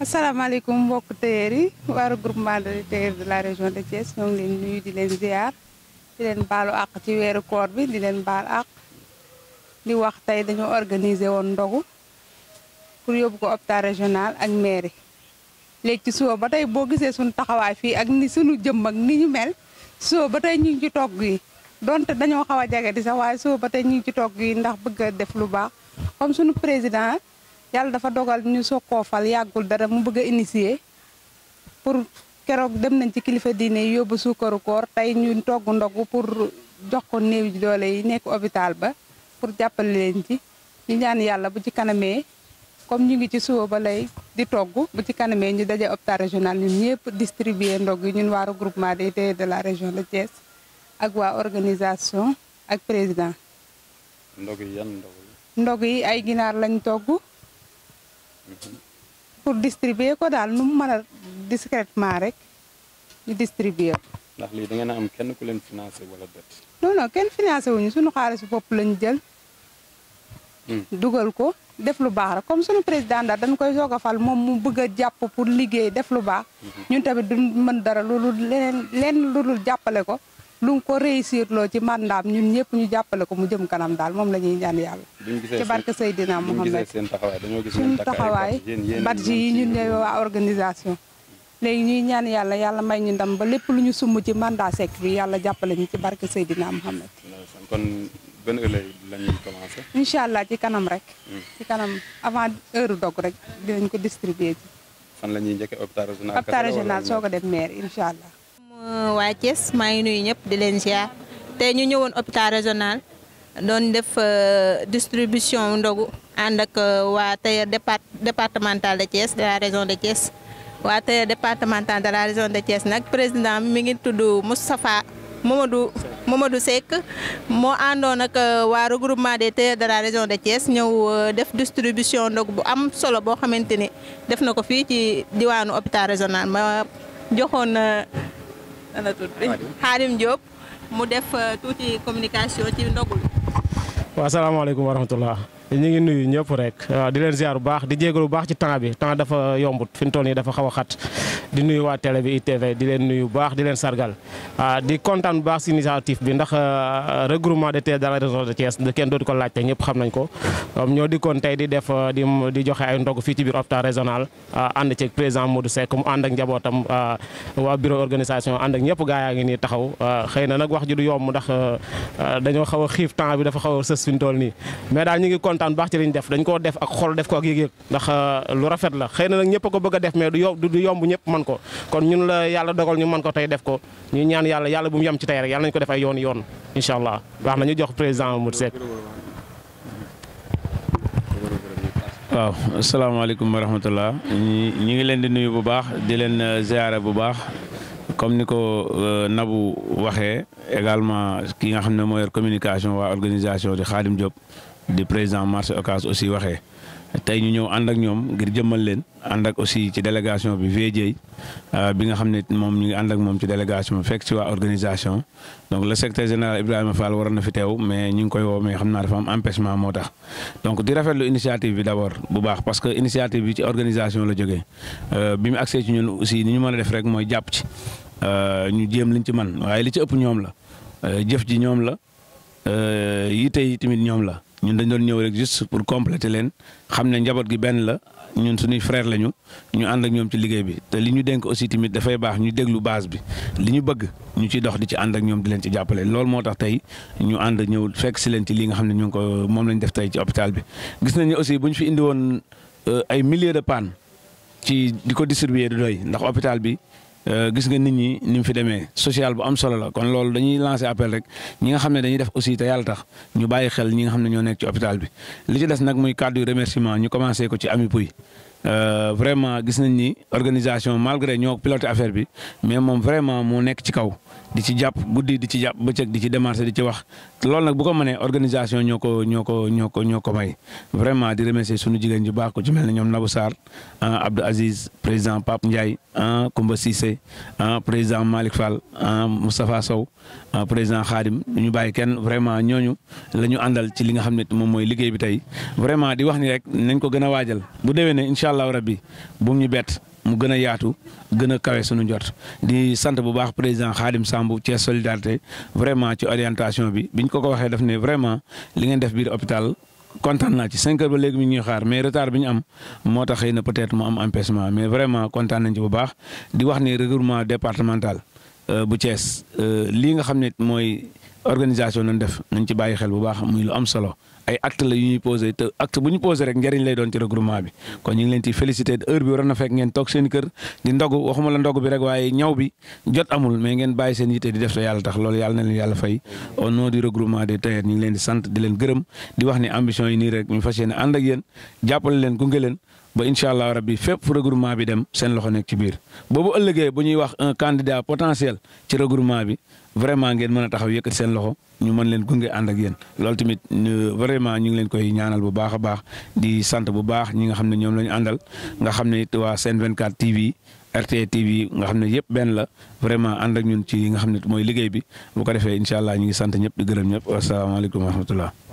asalaamaaleykum mbokk tailleur yi waa regroupement de tailleurs de la région de Thiès ñoo ngi leen nuyu di leen ziar di leen baalu àq ci weeru koor bi di leen baal àq di wax tey dañoo organiser woon ndogu pour yóbbu ko hôpital régional ak mairie léegi ci suba ba tey boo gisee suñu taxawaay fii ak ni suñu jëmm ak ni ñu mel suba ba tey ñu ngi ci togg yi donte dañoo xaw a jege di sax waaye suba ba tey ñu ngi ci togg yi ndax bëgg def lu baax comme suñu président yàlla dafa dogal ñu soo koofal fal yàggul dara mu bëgg a initier pour keroog dem nañ ci kilifa diine yi yóbbu suukaru koor tey ñu togg ndogu pour jox ko néew ji doole yi nekk hôpital ba pour jàppale leen ci ñu ñaan yàlla bu ci kanamee comme ñu ngi ci suba ba lay di togg bu ci kanamee ñu daje hôpital régional ñun ñëpp distribuer ndog yi ñun waa regroupement des de la région de Thiès ak waa organisation ak président. ndog yi yi ay ginaar lañ togg. pour distribuer ko daal nu mu mën a discrètement rek ñu distribuer ko. ndax lii da ngeen am kenn ku leen financé wala déet. non non kenn financé wuñu suñu xaalisu bopp lañ jël. Hmm. dugal ko def lu baax rek comme suñu président daal dañ koy soog a fal moom mu bëgg a jàpp pour liggéey def lu baax. Hmm. ñun tamit du mën dara loolu leneen lenn lu jàppale ko. lu ko réussir loo ci mandaam ñun ñëpp ñu jàppale ko mu jëm kanam daal moom la ñuy ñaan yàlla ci barke Seydina Mohamed suñu taxawaay badji yi ñun ñooy waa organisation léegi ñuy ñaan yàlla yàlla may ñu ndam ba lépp lu ñu sumb ci mandat sekk bi yàlla jàppale ñu ci barke Seydina Mohamed kon benn heure la ñuy commencé incha allah ci kanam rek hmm. ci kanam avant heure dog rek dinañ ko distribuer ji fan ñuy njëkkee hôpital régional soog a dem maire incha allah Euh, waa Thiès maa ngi nuyu ñëpp di leen ziar tey ñu ñëwoon hôpital régional doon def euh, distribution ndogu ànd ak euh, waa tailleur départemental de Thiès de la région de Thiès. waa tailleur départemental de la région de Thiès nag président mi ngi tudd Moustapha Mamadou Mamadou Seck moo àndoon ak waa regroupement des tailleurs de la région de Thiès ñëw def distribution ndogu bu am solo boo xamante ni ko fii ci diwaanu hôpital régional ma joxoon. ana tur bi Xaadim Diop mu def uh, tuuti communication ci ndogu. waaw salaamaaleykum wa rahmatullah ñu ngi nuyu ñëpp rek waaw di leen ziar bu baax di jégalu bu baax ci temps bi temps dafa yombut fi mu nii dafa xaw a xat di nuyu waa télé bi ITV di leen nuyu bu baax di leen sargal di kontaan bu baax si initiative bi ndax euh, regroupement des terres dans la région de Thiès kenn dootu ko laajte ñëpp xam nañ ko. ñoo dikkoon tey di def euh, di di joxe ay ndog fii ci biir hôpital régional euh, ànd ceeg président Modou Seck mu ànd ak njabootam waa bureau organisation ànd ak ñëpp gaa yaa ngi nii taxaw xëy na nag wax ji du yomb ndax dañoo xaw a xiif temps bi dafa xaw a sës fi mu toll kontaan bu baax ci liñ def dañ koo def ak xol def ko ak yëg-yëg ndax euh, lu rafet la xëy na nag ñëpp ko bëgg a def mais du yomb du yomb ñëpp man ko kon ñun la yàlla dogal ñu man ko tey def ko ñu ñaan yàlla yàlla bu mu yem ci tey rek yàlla nañ ko def ay yoon yoon incha allah baax na ñu jox président Mamadou Seck waaw asalaamaaleykum wa rahmatullah ngi leen di nuyu bu baax di leen euh, ziyaare bu baax comme ni ko euh, Nabou waxee également ki nga xam ne moo communication waa organisation di Khadim Diop di président marché Ocass aussi waxee tey ñu ñëw ànd ak ñoom ngir jëmmal leen ànd ak aussi ci délégation bi VJ euh, bi nga xam ni moom ñu ngi ànd ak moom ci délégation bi fekk ci waa organisation donc le secrétaire général Ibrahima Fall waroon na fi teew mais ñu ngi koy woo mais xam naa dafa am moo tax. donc di rafetlu initiative bi d' abord bu baax parce que initiative bi ci organisation la jógee euh, bi mu accès ci ñun aussi ni ñu mën a def rek mooy jàpp ci euh, ñu jéem liñ ci man waaye li ci ëpp ñoom la jëf ji ñoom la yite yi tamit ñoom la. ñun dañ doon ñëw rek juste pour compléter leen xam ne njaboot gi benn la ñun suñuy frère lañu ñu ànd ak ñoom ci liggéey bi te li ñu denk aussi tamit dafay baax ñu déglu base bi li ñu bëgg ñu ci dox di ci ànd ak ñoom di leen ci jàppale loolu moo tax tey ñu ànd ñëw fekk si leen ci li nga xam ne ñu ngi ko moom lañ def tey ci hôpital bi. gis nañu aussi bu ñu fi indi woon euh, ay milliers de pannes ci di ko distribuer du doy ndax hôpital bi. Euh, gis nga nit ñi ni mu fi demee social bu am solo la kon loolu dañuy lancer appel rek ñi nga xam ne dañuy def aussi te yàlla tax ñu bàyyi xel ñi nga xam ne ñoo nekk ci hôpital bi li ci des nag muy kàddu remerciement ñu commencé ko ci ami puy euh, vraiment gis nañ ni organisation malgré ñoo piloté affaire bi mais moom vraiment moo nekk ci kaw. di ci jàpp guddi di ci jàpp bëccëg di ci démarché di ci wax loolu nag bu ko mënee organisation ñoo ko ñoo ko ñoo ko ñoo ko may vraiment di remercier sunu jigéen ju baax ko ci mel ne ñoom Nabou saar ah, Abdou Aziz président Pape Ndiaye Koumba ah, Cissé ah, président Malick Fall Moustapha Sow président Khadim ñu bàyyi kenn vraiment ñooñu la ñu àndal ci li nga xam ne moom mooy liggéey bi tey vraiment di wax ni rek nañ ko gën a waajal bu déwénee incha allah rabbi bu ñu bett. mu gën a yaatu gën a kawe suñu jot di sant bu baax président Khadim Samb Thiès solidarité vraiment ci orientation bi biñ ko ko waxee def ni vraiment li ngeen def biir hôpital kontaan naa ci cinq ba léegi mi ñuy xaar mais retard bi ñu am moo tax xëy na peut-être mu am empêchement mais vraiment kontaan nañ ci bu baax di wax ni regroupement départemental. Euh, bu cees euh, lii nga xam ne mooy organisation nañ def nañ ci bàyyi xel bu baax muy lu am solo ay acte la yu ñuy posé te acte bu ñu posé rek njariñ lay doon ci regroupement bi kon ñu ngi leen ci félicité heure bi waroon na fekk ngeen toog seen kër di ndogu waxuma la ndogu bi rek waaye ñaw bi jot amul mais ngeen bàyyi seen yitte di def te yàlla tax loolu yàlla na leen yàlla fay o nom du regroupement des tailleurs ñu ngi leen di sant di leen gërëm di wax ni ambition yi nii rek ñu fas yéene ànd ak yéen jàppale leen gunge leen ba incha allah rabbi fépp fu regroupement bi dem seen loxo nekk ci biir boobu ëllëgee bu ñuy wax un candidat potentiel ci regroupement bi vraiment ngeen mën a taxaw yëkkat seen loxo ñu mën leen gunge ànd ak yéen loolu tamit vraiment ñu ngi leen koy ñaanal bu baax a baax di sant bu baax ñi nga xam ne ñoom la ñu àndal nga xam ne it waa Sen 24 TV RT TV nga xam ne yëpp benn la vraiment ànd ak ñun ci li nga xam ne mooy liggéey bi bu ko defee incha allah ñu ngi sant ñëpp gërëm ñëpp wasalaamaaleykum wa